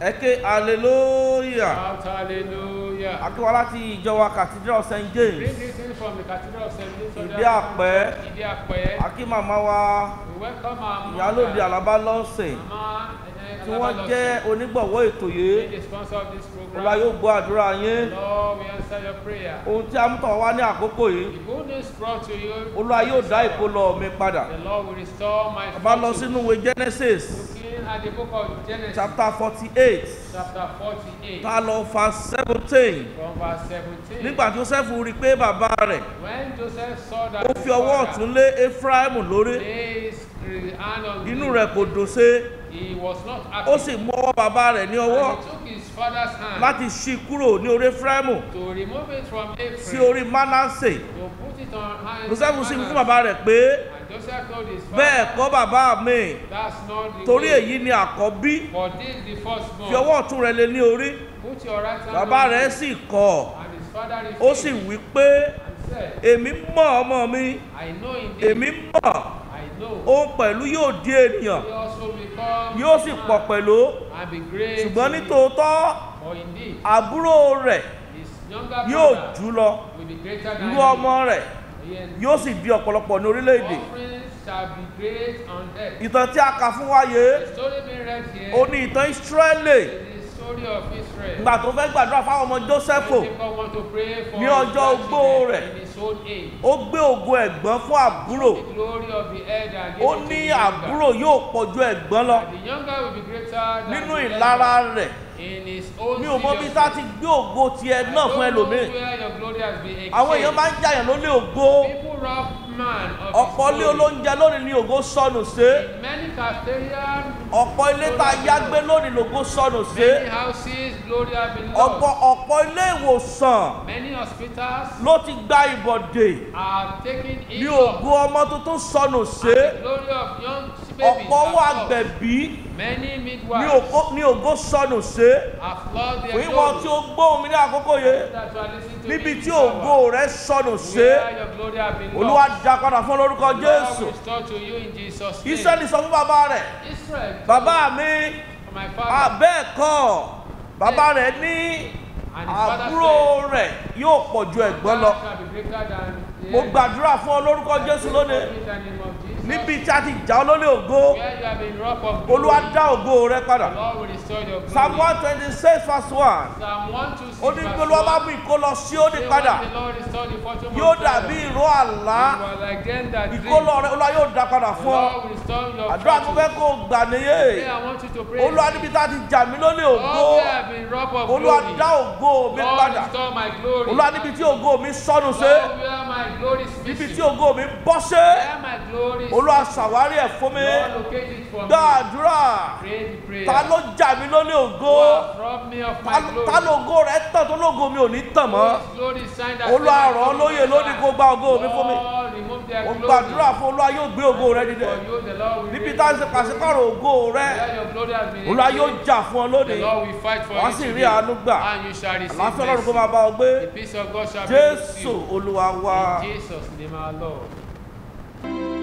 ẹ ké hallelujah. shout hallelujah. akínwá láti ìjọba cathedral st james. bring this in from the cathedral st james. ìdí àpẹ́. ìdí àpẹ́. wa. we welcome alaba lọ́sìn. tí wọ́n jẹ́ onígbọ̀wọ́ ètò yìí yóò gbọ́ àdúrà yín ohun tí a mú tàn wá ní àkókò yìí olúwa yóò dá ìkólọ mi padà ọba lọ sínú genesis. at the book of Genesis. Chapter forty-eight. Chapter forty Ta lọ fa seventeen. From verse seventeen. Nígbà Joseph rí pé bàbá rẹ̀. When Joseph saw that. Ó fi ọwọ́ ọ̀tún lé Ephraim lórí. Lay his hand on him. Inú rẹ̀ kò dùn sé. He was not happy. Ó sì mú ọwọ́ bàbá rẹ̀ ní ọwọ́. And he took his father's hand. Láti ṣí kúrò ní orí Ephraim. To remove it from Ephraim. Sí orí Manasseh. To put it on hand. Joseph sì fún bàbá rẹ̀ pé bẹ́ẹ̀ kọ́ bàbá mi torí èyí ni àkọ́bí fi ọwọ́ ọ̀tún rẹ lé ní orí bàbá rẹ̀ sì kọ̀ ó sì wí pé èmi mọ̀ ọmọ mi èmi mọ̀ òun pẹ̀lú yóò di ènìyàn yóò sì pọ̀ pẹ̀lú ṣùgbọ́n nítòótọ́ àbúrò rẹ̀ yóò jù lọ irú ọmọ rẹ̀ yóò sì bí ọ̀pọ̀lọpọ̀ ní orílẹ̀-èdè ìtàn tí a kà fún wa yé ó ní ìtàn Ísírẹ́lì ìgbà tó fẹ́ gbàdúrà fáwọn ọmọ Jósẹ́fù ní ọjọ́ ogbó rẹ̀ ó gbé ògo ẹ̀gbọ́n fún àbúrò ó ní àbúrò yóò pọ̀jù ẹ̀gbọ́n lọ nínú ìlara rẹ̀ mi ò mọ bí sá ti gbé ògo tiẹ̀ náà fún ẹlòmíràn àwọn èèyàn máa ń jàyàn lólè ògo. people rob ọ̀pọ̀ ilé olóúnjẹ lónìí ni ògo sọnù sí. ọ̀pọ̀ ilé tá a yá gbé lónìí lògo sọnù sí. ọ̀pọ̀ ọ̀pọ̀ ilé ìwòsàn ló ti gba ìbọ̀dè ni ògo ọmọ tuntun sọnù sí. ọ̀pọ̀ owó agbẹ̀bí ni ògo sọnù sí. wíwọ tí o gbóhùn mi ní àkókò yẹn níbi tí ògo rẹ sọnù sí. olúwa dá dá padà fún lórúkọ Jésù. Israẹli sọ fún bàbá rẹ̀. Bàbá mi, bẹ́ẹ̀ kọ́, bàbá rẹ̀ ní àbúrò rẹ̀ yóò pọ̀ ju ẹ̀gbọ́n lọ. Mo gbàdúrà fún ọ lórúkọ Jésù lónìí níbi tí a ti jà ọ́ lórí ògo olúwa dá ògo rẹ padà psalm one twenty six verse one ó ní pé olúwa bá mú ìkólọ Síónì padà yóò dàbí ìró àlá ìkólọ rẹ olúwa yóò dá padà fún ọ àdúrà tó fẹ́ kó o gbà nìyé olúwa níbi tí a ti jà mí lórí ògo olúwa dá ògo mi padà olúwa níbi tí ògo mi sọnù sí níbi tí ògo mi bọ́ ṣe olúwa ṣàwárí ẹ̀ fún mi gba àdúrà ta ló jà mí lólè ògo ta lógo rẹ̀ tàn tó lógo mi ò ní tàn mọ́ olúwa rọ̀ ọ́ lóye lónìí kó gba mi fún mi ó gbàdúrà fún olúwa yóò gbé ògo rẹ dìde níbi tá a ṣe pàṣípàrọ̀ ògo rẹ olúwa yóò jà fún ọ lónìí wọ́n sì rí àánú gbà àlàáfíà ọlọ́run kó máa bá ọ gbé jésù olúwa wa. In Jesus' name our Lord.